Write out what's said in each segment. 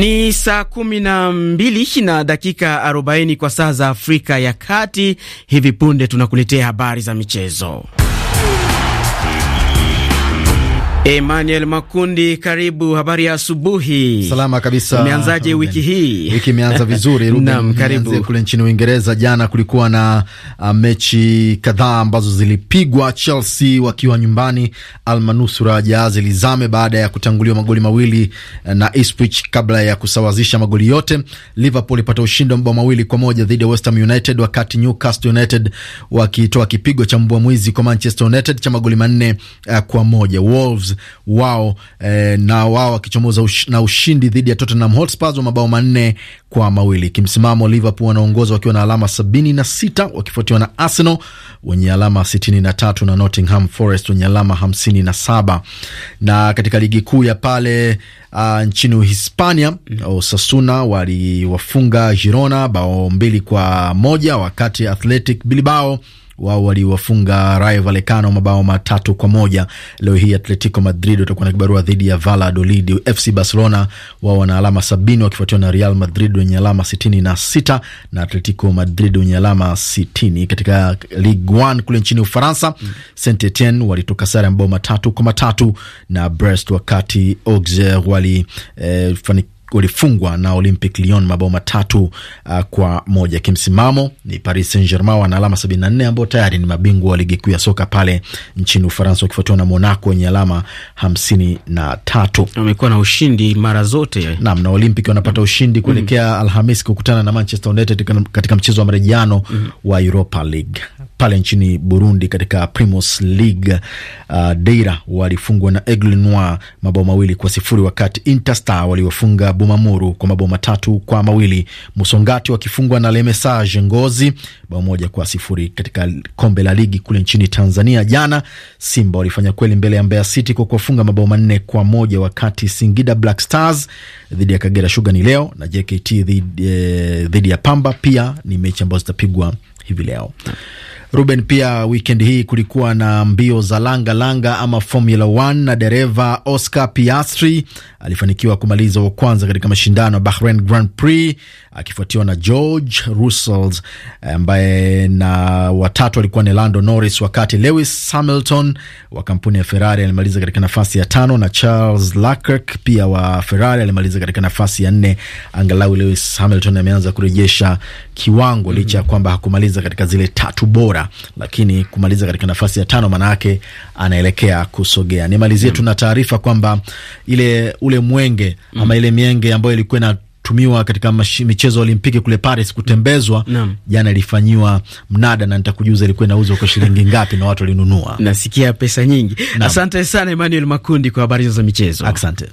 Ni saa kumi na mbili na dakika arobaini kwa saa za Afrika ya Kati. Hivi punde tunakuletea habari za michezo. Emmanuel Makundi, karibu. Habari ya asubuhi. Salama kabisa. Imeanzaje wiki hii? Wiki imeanza vizuri. Naam, karibu. Kule nchini Uingereza jana kulikuwa na uh, mechi kadhaa ambazo zilipigwa. Chelsea wakiwa nyumbani, almanusura jahazi lizame baada ya kutanguliwa magoli mawili uh, na Ipswich kabla ya kusawazisha magoli yote. Liverpool ipata ushindi wa mabao mawili kwa moja dhidi ya West Ham United, wakati Newcastle United wakitoa kipigo cha mbwa mwizi kwa Manchester United cha magoli manne uh, kwa moja. Wolves wao eh, na wao wakichomoza ush, na ushindi dhidi ya Tottenham Hotspur wa mabao manne kwa mawili. Kimsimamo Liverpool wanaongoza wakiwa na alama sabini na sita wakifuatiwa na Arsenal wenye alama sitini na tatu na Nottingham Forest wenye alama hamsini na saba na katika ligi kuu ya pale uh, nchini hispania Osasuna waliwafunga Girona bao mbili kwa moja wakati Athletic Bilbao wao waliwafunga Rayo Vallecano mabao matatu kwa moja. Leo hii Atletico Madrid watakuwa na kibarua dhidi ya Valladolid. FC Barcelona wao wana alama sabini wakifuatiwa na Real Madrid wenye alama sitini na sita na Atletico Madrid wenye alama sitini. Katika Ligue 1 kule nchini Ufaransa, mm. Saint Etienne walitoka sare mabao matatu kwa matatu na Brest, wakati Auxerre walifanikiwa eh, walifungwa na Olympic Lyon mabao matatu uh, kwa moja. Kimsimamo ni Paris Saint Germain wana alama 74 ambao tayari ni mabingwa wa ligi kuu ya soka pale nchini Ufaransa, wakifuatiwa na Monaco wenye alama 53. Wamekuwa na ushindi mara zote nam na Olympic wanapata mm. ushindi kuelekea mm. Alhamis kukutana na Manchester United katika mchezo wa marejiano mm. wa Europa League pale nchini Burundi katika Primus League uh, Deira walifungwa na Aigle Noir mabao mawili kwa sifuri wakati Interstar waliofunga Bumamuru kwa mabao matatu kwa mawili Musongati wakifungwa na Lemesage Ngozi bao moja kwa sifuri. Katika kombe la ligi kule nchini Tanzania jana Simba walifanya kweli mbele ya Mbeya City kwa kuwafunga mabao manne kwa moja wakati Singida Black Stars dhidi ya Kagera Sugar ni leo na JKT dhidi, eh, dhidi ya Pamba pia ni mechi ambazo zitapigwa hivi leo. Ruben, pia weekend hii kulikuwa na mbio za langa langa ama Formula 1 na dereva Oscar Piastri alifanikiwa kumaliza wa kwanza katika mashindano ya Bahrain Grand Prix akifuatiwa na George Russell eh, ambaye na watatu alikuwa ni Lando Norris, wakati Lewis Hamilton wa kampuni ya Ferrari alimaliza katika nafasi ya tano na Charles Leclerc pia wa Ferrari alimaliza katika nafasi ya nne. Angalau Lewis Hamilton ameanza kurejesha kiwango mm -hmm. licha ya kwamba hakumaliza katika zile tatu bora, lakini kumaliza katika nafasi ya tano maana yake anaelekea kusogea. Nimalizie mm -hmm. tuna taarifa kwamba ile ule mwenge mm -hmm. ama ile mienge ambayo ilikuwa na tumiwa katika michezo ya Olimpiki kule Paris kutembezwa jana ilifanyiwa mnada, na nitakujuza ilikuwa inauzwa kwa shilingi ngapi na watu walinunua. Nasikia pesa nyingi. Asante sana Emmanuel Makundi kwa habari hizo za michezo. Asante.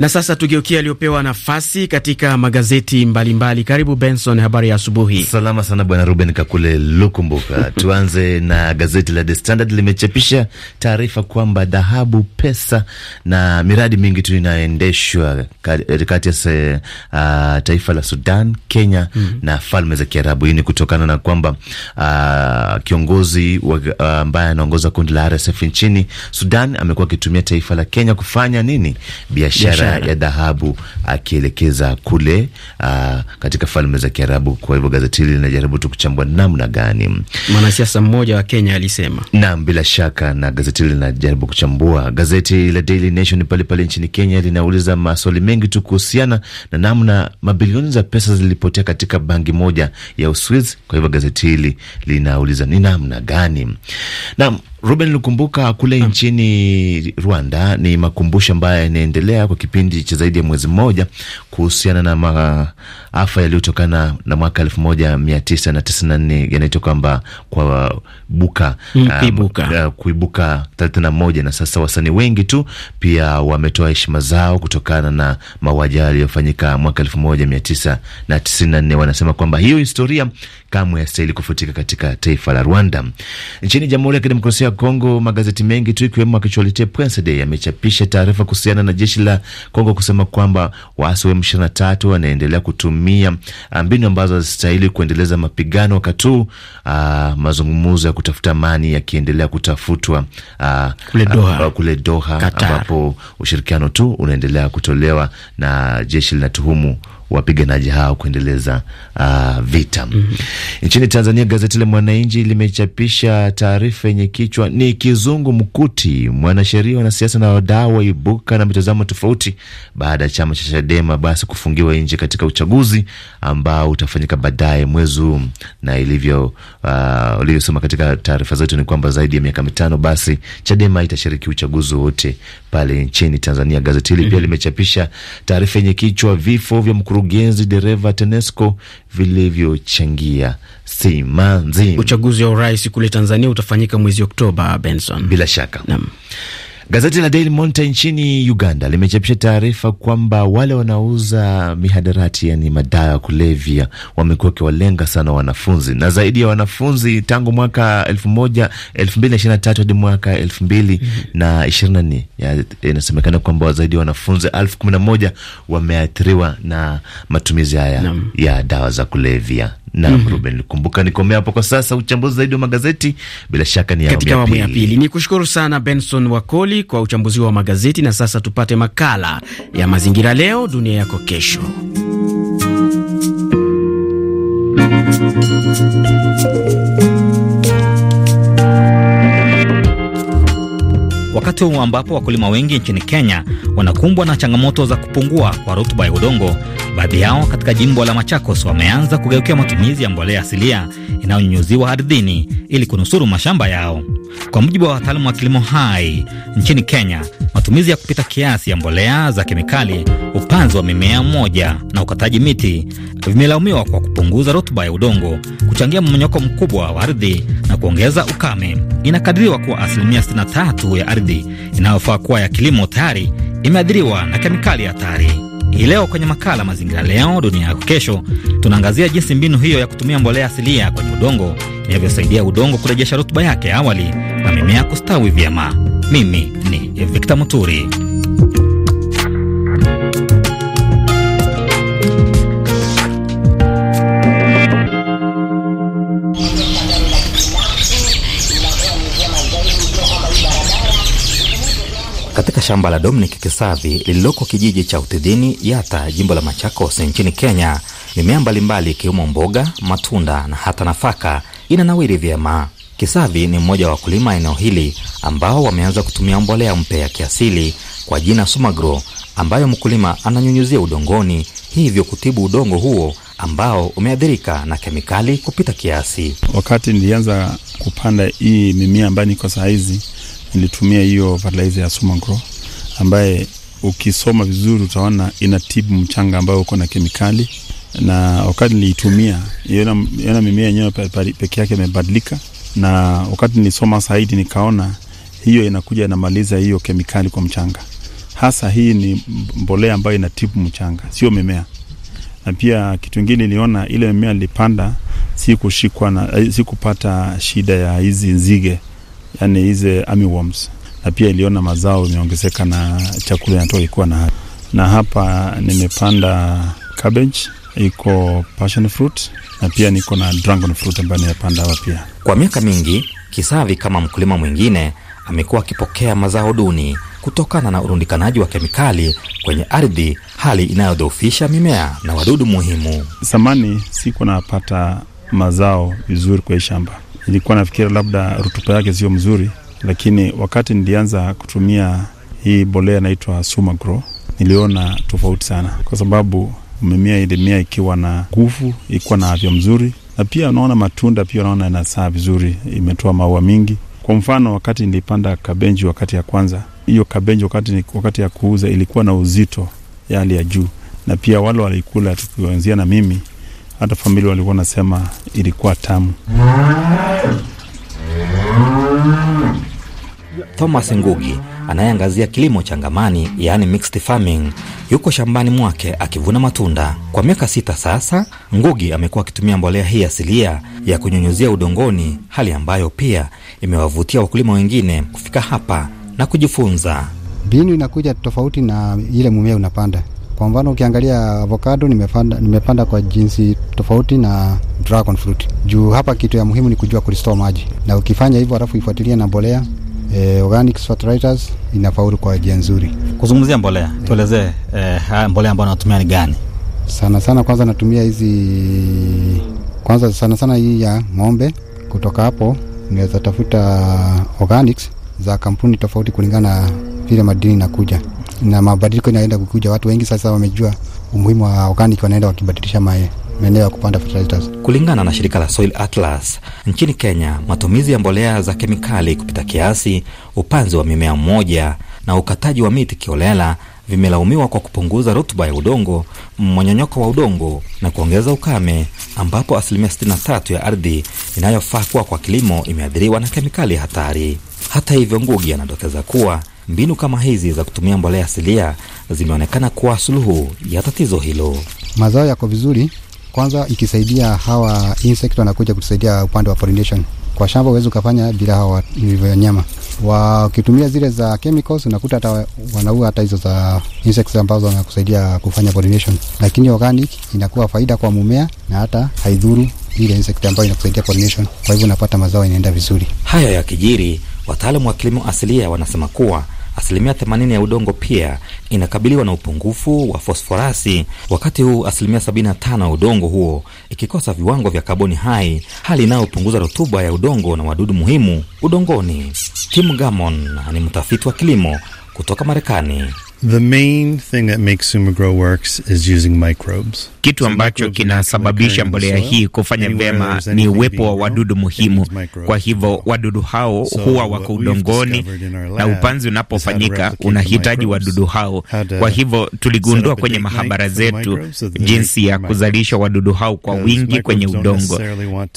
Na sasa tugeukia aliyopewa nafasi katika magazeti mbalimbali mbali. Karibu Benson, habari ya asubuhi. Salama sana bwana Ruben Kakule Lukumbuka. Tuanze na gazeti la The Standard, limechapisha taarifa kwamba dhahabu, pesa na miradi mingi tu inaendeshwa kati ya uh, taifa la Sudan, Kenya mm -hmm. na falme za Kiarabu. Hii ni kutokana na kwamba uh, kiongozi ah, ambaye uh, anaongoza kundi la RSF nchini Sudan amekuwa akitumia taifa la Kenya kufanya nini biashara ya dhahabu akielekeza kule a, ah, katika falme za Kiarabu. Kwa hivyo gazeti hili linajaribu tu kuchambua namna gani mwanasiasa mmoja wa Kenya alisema. nam, bila shaka, na gazeti hili linajaribu kuchambua. Gazeti la Daily Nation pale pale nchini Kenya linauliza maswali mengi tu kuhusiana na namna mabilioni za pesa zilipotea katika bangi moja ya Uswiz. Kwa hivyo gazeti hili linauliza ni namna gani? nam Ruben Lukumbuka, kule hmm. nchini Rwanda ni makumbusho ambayo yanaendelea kwa kipindi cha zaidi ya mwezi mmoja kuhusiana na maafa yaliyotokana na mwaka elfu moja mia tisa na tisini na nne yanaitwa kwamba kwa buka hmm, um, uh, kuibuka thelathini na moja na sasa wasanii wengi tu pia wametoa heshima zao kutokana na mauaji yaliyofanyika mwaka elfu moja mia tisa na tisini na nne. Wanasema kwamba hiyo historia kamwe yastahili kufutika katika taifa la Rwanda. Nchini Jamhuri ya Kidemokrasia ya Kongo, magazeti mengi tu ikiwemo Actualite Prince Day yamechapisha taarifa kuhusiana na jeshi la Kongo kusema kwamba waasi wa M23 wanaendelea kutumia ah, mbinu ambazo hazistahili kuendeleza mapigano, wakati huu ah, mazungumzo ya kutafuta amani yakiendelea kutafutwa ah, kule Doha, a, kule Doha ambapo ushirikiano tu unaendelea kutolewa na jeshi linatuhumu wapiganaji hao kuendeleza uh, vita mm -hmm. Nchini Tanzania, gazeti la Mwananchi limechapisha taarifa yenye kichwa ni kizungu mkuti, mwanasheria, wanasiasa na wadau waibuka na mitazamo tofauti baada ya chama cha Chadema basi kufungiwa nje katika uchaguzi ambao utafanyika baadaye mwezi huu, na ilivyo uh, ulivyosoma katika taarifa zetu ni kwamba zaidi ya miaka mitano basi Chadema itashiriki uchaguzi wote pale nchini Tanzania. Gazeti hili mm -hmm. pia mhm. limechapisha taarifa yenye kichwa vifo vya mkuru mkurugenzi dereva TANESCO vilivyochangia simanzi. Uchaguzi wa urais kule Tanzania utafanyika mwezi Oktoba, Benson, bila shaka Nam. Gazeti la Daily Monitor nchini Uganda limechapisha taarifa kwamba wale wanaouza mihadarati, yani madawa ya kulevya, wamekuwa wakiwalenga sana wanafunzi na zaidi ya wanafunzi tangu mwaka elfu moja elfu mbili na ishirini na tatu hadi mwaka elfu mbili na ishirini na nne inasemekana kwamba zaidi ya wanafunzi elfu kumi na moja wameathiriwa na matumizi haya ya dawa za kulevya na mm -hmm. Ruben kumbuka, nikomea hapo kwa sasa. Uchambuzi zaidi wa magazeti bila shaka ni katika awamu ya pili. Ni kushukuru sana Benson Wakoli kwa uchambuzi wa magazeti, na sasa tupate makala ya mazingira, leo dunia yako kesho. Wakati huu ambapo wakulima wengi nchini Kenya wanakumbwa na changamoto za kupungua kwa rutuba ya udongo Baadhi yao katika jimbo la Machakos wameanza kugeukia matumizi ya mbolea asilia inayonyunyuziwa ardhini ili kunusuru mashamba yao. Kwa mujibu wa wataalamu wa kilimo hai nchini Kenya, matumizi ya kupita kiasi ya mbolea za kemikali, upanzi wa mimea moja na ukataji miti vimelaumiwa kwa kupunguza rutuba ya udongo, kuchangia mmonyoko mkubwa wa ardhi na kuongeza ukame. Inakadiriwa kuwa asilimia 63 ya ardhi inayofaa kuwa ya kilimo tayari imeathiriwa na kemikali hatari. Hii leo kwenye makala Mazingira Leo Dunia Yako Kesho, tunaangazia jinsi mbinu hiyo ya kutumia mbolea asilia kwenye udongo inavyosaidia udongo kurejesha rutuba yake awali na mimea kustawi vyema. Mimi ni Victor Muturi. shamba la Dominic Kisavi lililoko kijiji cha Utidhini, Yata, jimbo la Machakos nchini Kenya, mimea mbalimbali ikiwemo mboga, matunda na hata nafaka inanawiri vyema. Kisavi ni mmoja wa wakulima eneo hili ambao wameanza kutumia mbolea mpya ya kiasili kwa jina Sumagro, ambayo mkulima ananyunyuzia udongoni, hivyo kutibu udongo huo ambao umeathirika na kemikali kupita kiasi. Wakati nilianza kupanda hii mimea ambayo niko saa hizi, nilitumia hiyo fertilizer ya Sumagro ambaye ukisoma vizuri utaona inatibu mchanga ambao uko na kemikali, na wakati niliitumia iona mimea yenyewe peke yake imebadilika, na wakati nilisoma saidi nikaona hiyo inakuja inamaliza hiyo kemikali kwa mchanga. Hasa hii ni mbolea ambayo inatibu mchanga, sio mimea. Na pia kitu ingine niliona ile mimea nilipanda sikushikwa na eh, sikupata shida ya hizi nzige, yani hizi armyworms na pia iliona mazao imeongezeka na chakula inatoka ikuwa na hapa. Na hapa nimepanda cabbage, iko passion fruit na pia niko na dragon fruit ambayo nimepanda hapa pia. Kwa miaka mingi, Kisavi kama mkulima mwingine amekuwa akipokea mazao duni kutokana na urundikanaji wa kemikali kwenye ardhi, hali inayodhoofisha mimea na wadudu muhimu. Zamani sikuwa napata mazao vizuri kwa hii shamba, ilikuwa nafikira labda rutuba yake sio mzuri lakini wakati nilianza kutumia hii bolea inaitwa Sumagro niliona tofauti sana, kwa sababu mimea ilimia ikiwa na nguvu, ikiwa na afya mzuri, na pia unaona matunda pia unaona inasaa vizuri, imetoa maua mingi. Kwa mfano, wakati nilipanda kabenji wakati ya kwanza, hiyo kabenji wakati, wakati ya kuuza ilikuwa na uzito ya hali ya juu, na pia wale walikula tukianzia na mimi, hata famili walikuwa nasema ilikuwa tamu Thomas Ngugi anayeangazia kilimo changamani, yaani mixed farming, yuko shambani mwake akivuna matunda. Kwa miaka sita sasa, Ngugi amekuwa akitumia mbolea hii asilia ya kunyunyuzia udongoni, hali ambayo pia imewavutia wakulima wengine kufika hapa na kujifunza. Mbinu inakuja tofauti na ile mumea unapanda. Kwa mfano ukiangalia avocado nimepanda, nimepanda kwa jinsi tofauti na dragon fruit, juu hapa kitu ya muhimu ni kujua kulistoa maji, na ukifanya hivyo alafu ifuatilie na mbolea eh, organic fertilizers inafaulu kwa njia nzuri. Kuzungumzia mbolea, tuelezee eh, mbolea ambayo natumia ni gani? Sana sana kwanza natumia hizi kwanza sana sana hii ya ng'ombe. Kutoka hapo niweza tafuta organics za kampuni tofauti kulingana na vile madini inakuja na mabadiliko inaenda kukuja. Watu wengi sasa wamejua umuhimu wa organic, wanaenda wakibadilisha mae maeneo ya kupanda fertilizers. Kulingana na shirika la Soil Atlas nchini Kenya, matumizi ya mbolea za kemikali kupita kiasi, upanzi wa mimea mmoja na ukataji wa miti kiolela vimelaumiwa kwa kupunguza rutuba ya udongo, mmonyonyoko wa udongo na kuongeza ukame, ambapo asilimia 63 ya ardhi inayofaa kuwa kwa kilimo imeathiriwa na kemikali hatari. Hata hivyo, Ngugi anadokeza kuwa mbinu kama hizi za kutumia mbolea asilia zimeonekana kuwa suluhu ya tatizo hilo. Mazao yako vizuri, kwanza ikisaidia hawa insect wanakuja kutusaidia upande wa pollination kwa shamba, uwezi ukafanya bila hawa wanyama. Wakitumia zile za chemicals, unakuta hata wanaua hata hizo za insects ambazo wanakusaidia kufanya pollination, lakini organic inakuwa faida kwa mumea na hata haidhuru ile insect ambayo inakusaidia pollination. Kwa hivyo unapata mazao inaenda vizuri. Haya kijiri wataalamu wa kilimo asilia wanasema kuwa asilimia 80 ya udongo pia inakabiliwa na upungufu wa fosforasi, wakati huu asilimia 75 ya udongo huo ikikosa viwango vya kaboni hai, hali inayopunguza rutuba ya udongo na wadudu muhimu udongoni. Tim Gamon ni mtafiti wa kilimo kutoka Marekani. The main thing that makes grow works is using microbes. Kitu ambacho kinasababisha mbolea hii kufanya vyema ni uwepo wa wadudu muhimu. Kwa hivyo wadudu hao huwa wako udongoni, na upanzi unapofanyika unahitaji wadudu hao. Kwa hivyo tuligundua kwenye mahabara zetu jinsi ya kuzalisha wadudu hao kwa wingi kwenye udongo,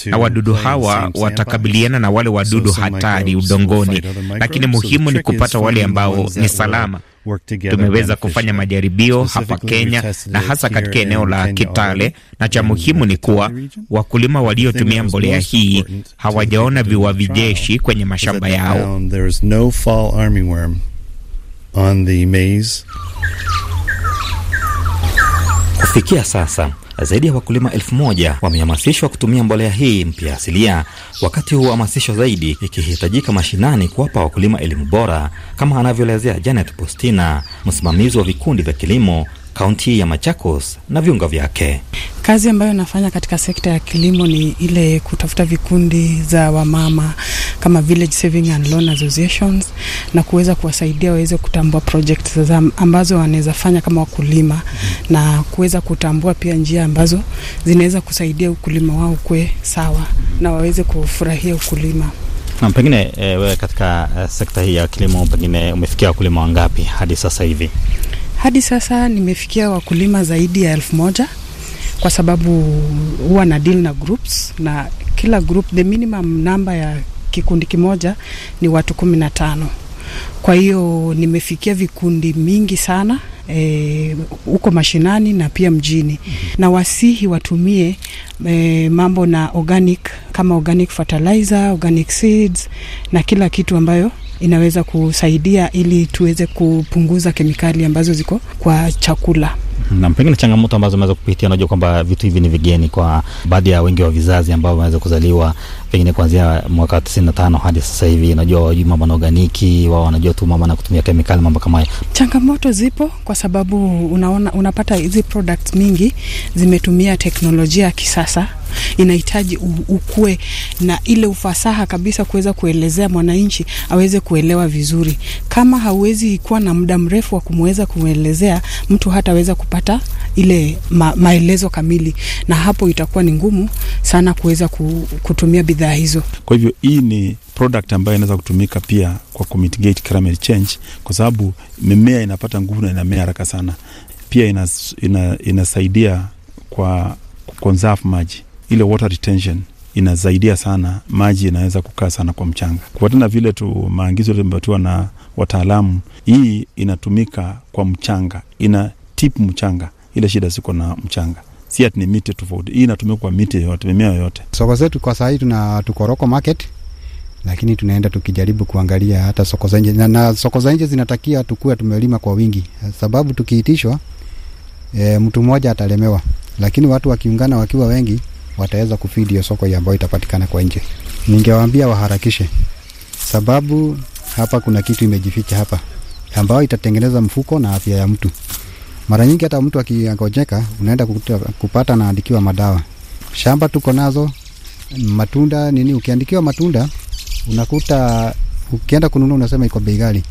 na wadudu hawa watakabiliana na wale wadudu hatari udongoni, lakini muhimu ni kupata wale ambao ni salama. Tumeweza kufanya majaribio hapa Kenya na hasa katika eneo la Kitale, na cha muhimu ni kuwa wakulima waliotumia mbolea hii hawajaona viwa vijeshi kwenye mashamba yao. Kufikia sasa zaidi ya wakulima elfu moja wamehamasishwa kutumia mbolea hii mpya asilia, wakati huu hamasisho zaidi ikihitajika mashinani kuwapa wakulima elimu bora, kama anavyoelezea Janet Postina, msimamizi wa vikundi vya kilimo kaunti ya Machakos na viunga vyake. Kazi ambayo nafanya katika sekta ya kilimo ni ile kutafuta vikundi za wamama kama Village Saving and Loan Associations na kuweza kuwasaidia waweze kutambua project ambazo wanaweza fanya kama wakulima mm-hmm. na kuweza kutambua pia njia ambazo zinaweza kusaidia ukulima wao kwe sawa na waweze kufurahia ukulima. Na pengine eh, wewe katika e, sekta hii ya kilimo pengine umefikia wakulima wangapi hadi sasa hivi? Hadi sasa nimefikia wakulima zaidi ya elfu moja kwa sababu huwa na deal na groups, na kila group the minimum namba ya kikundi kimoja ni watu kumi na tano. Kwa hiyo nimefikia vikundi mingi sana e, huko e, mashinani na pia mjini mm -hmm. Na wasihi watumie e, mambo na organic kama organic fertilizer, organic seeds na kila kitu ambayo inaweza kusaidia ili tuweze kupunguza kemikali ambazo ziko kwa chakula na pengine changamoto ambazo ameweza kupitia. Unajua kwamba vitu hivi ni vigeni kwa baadhi ya wengi wa vizazi ambao wameweza kuzaliwa pengine kuanzia mwaka tisini na tano hadi sasa hivi. Unajua wajui mambo na organiki wao wanajua tu mambo na kutumia kemikali, mambo kama hayo. Changamoto zipo kwa sababu unaona, unapata hizi products mingi zimetumia teknolojia ya kisasa inahitaji ukue na ile ufasaha kabisa kuweza kuelezea mwananchi aweze kuelewa vizuri. Kama hauwezi kuwa na muda mrefu wa kumweza kumwelezea mtu, hataweza kupata ile ma maelezo kamili, na hapo itakuwa ni ngumu sana kuweza kutumia bidhaa hizo. Kwa hivyo hii ni product ambayo inaweza kutumika pia kwa kumitigate climate change, kwa sababu mimea inapata nguvu na inamea haraka sana. Pia inas, ina, inasaidia kwa kuconserve maji ile water retention inazaidia sana, maji inaweza kukaa sana kwa mchanga. Kufuatana na vile tu maangizo yaliyopatiwa na wataalamu, hii inatumika kwa mchanga, ina tip mchanga, ile shida ziko na mchanga si ati ni miti tofauti. Hii inatumika kwa miti yoyote, mimea yoyote. Soko zetu kwa sahii tuna tukoroko market, lakini tunaenda tukijaribu kuangalia hata soko za nje na, na soko za nje zinatakia tukue tumelima kwa wingi, sababu tukiitishwa e, mtu mmoja atalemewa, lakini watu wakiungana wakiwa wengi wataweza kufidi hiyo soko ambayo itapatikana kwa nje. Ningewaambia waharakishe, sababu hapa kuna kitu imejificha hapa ambayo itatengeneza mfuko na afya ya mtu. Mara nyingi hata mtu akiangojeka, unaenda kupata naandikiwa madawa. Shamba tuko nazo matunda nini, ukiandikiwa matunda unakuta ukienda kununua unasema iko bei ghali,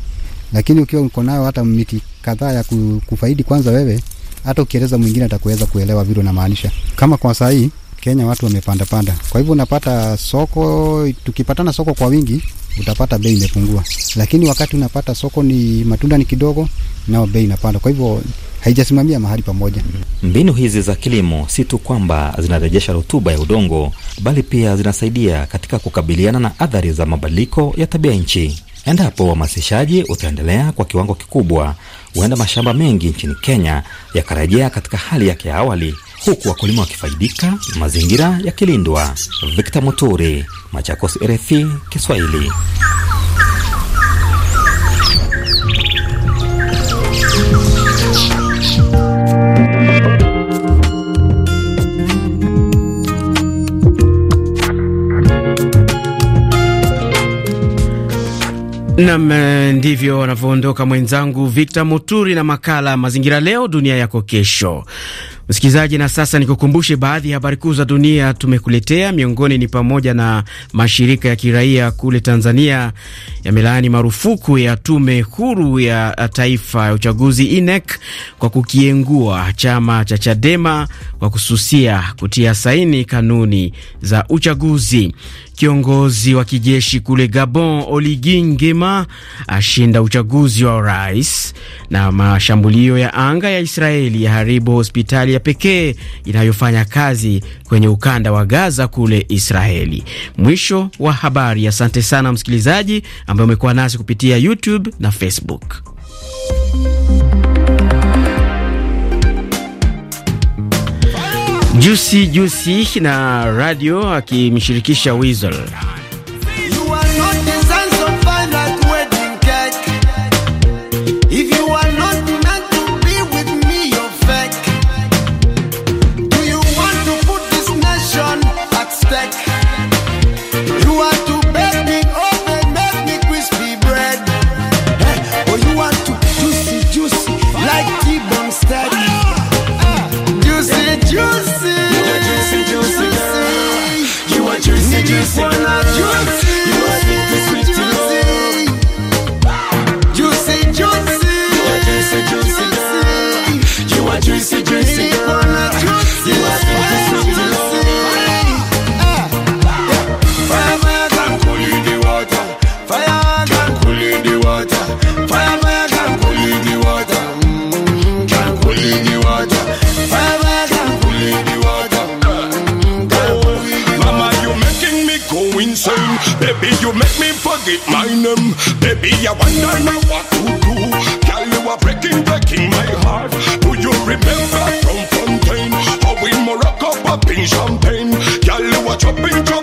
lakini ukiwa uko nayo hata miti kadhaa ya kufaidi kwanza wewe, hata ukieleza mwingine atakuweza kuelewa vile unamaanisha. Kama kwa saa hii Kenya watu wamepandapanda, kwa hivyo unapata soko, tukipatana soko kwa wingi utapata bei imepungua, lakini wakati unapata soko ni matunda ni kidogo, nao bei inapanda. Kwa hivyo haijasimamia mahali pamoja. Mbinu hizi za kilimo si tu kwamba zinarejesha rutuba ya udongo, bali pia zinasaidia katika kukabiliana na athari za mabadiliko ya tabia nchi. Endapo uhamasishaji utaendelea kwa kiwango kikubwa, huenda mashamba mengi nchini Kenya yakarejea katika hali yake ya awali huku wakulima wakifaidika na mazingira yakilindwa. Victor Muturi, Machakos, RFI Kiswahili. Nam, eh, ndivyo wanavyoondoka mwenzangu Victor Muturi na makala Mazingira Leo Dunia Yako Kesho. Msikilizaji, na sasa nikukumbushe baadhi ya habari kuu za dunia tumekuletea. Miongoni ni pamoja na mashirika ya kiraia kule Tanzania yamelaani marufuku ya tume huru ya taifa ya uchaguzi INEC kwa kukiengua chama cha Chadema kwa kususia kutia saini kanuni za uchaguzi. Kiongozi wa kijeshi kule Gabon Oligi Ngema ashinda uchaguzi wa rais. Na mashambulio ya anga ya Israeli yaharibu hospitali ya pekee inayofanya kazi kwenye ukanda wa Gaza kule Israeli. Mwisho wa habari. Asante sana msikilizaji ambaye umekuwa nasi kupitia YouTube na Facebook. Juicy Juicy na radio akimshirikisha Weasel. this one, I dreamt insane. Baby, you make me forget my name. Baby, I wonder now what to do. Girl, you are breaking, breaking my heart. Do you remember from Fontaine? How we more rock Morocco popping champagne? Girl, you are chopping, chopping.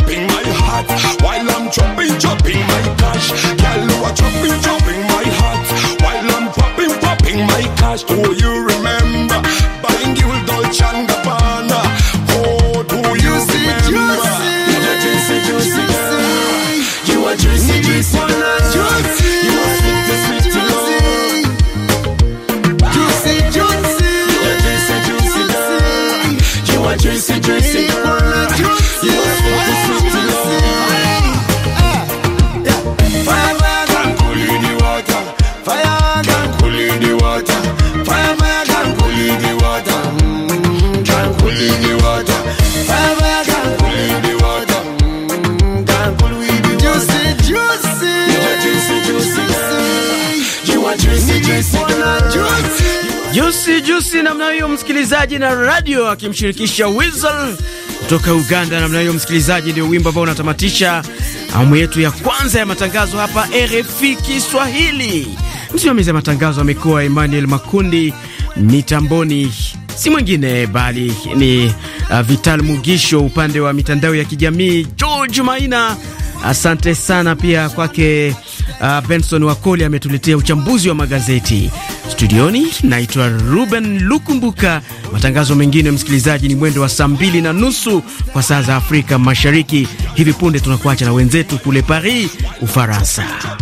namna hiyo msikilizaji, na radio akimshirikisha Weasel kutoka Uganda. Namna hiyo msikilizaji, ndio wimbo ambao unatamatisha awamu yetu ya kwanza ya matangazo hapa RFI Kiswahili. Msimamizi wa matangazo amekuwa Emmanuel Makundi, mitamboni si mwingine bali ni uh, Vital Mugisho, upande wa mitandao ya kijamii George Maina. Asante sana pia kwake. Uh, Benson Wakoli ametuletea uchambuzi wa magazeti. Studioni naitwa Ruben Lukumbuka. Matangazo mengine msikilizaji, ni mwendo wa saa mbili na nusu kwa saa za Afrika Mashariki. Hivi punde tunakuacha na wenzetu kule Paris, Ufaransa.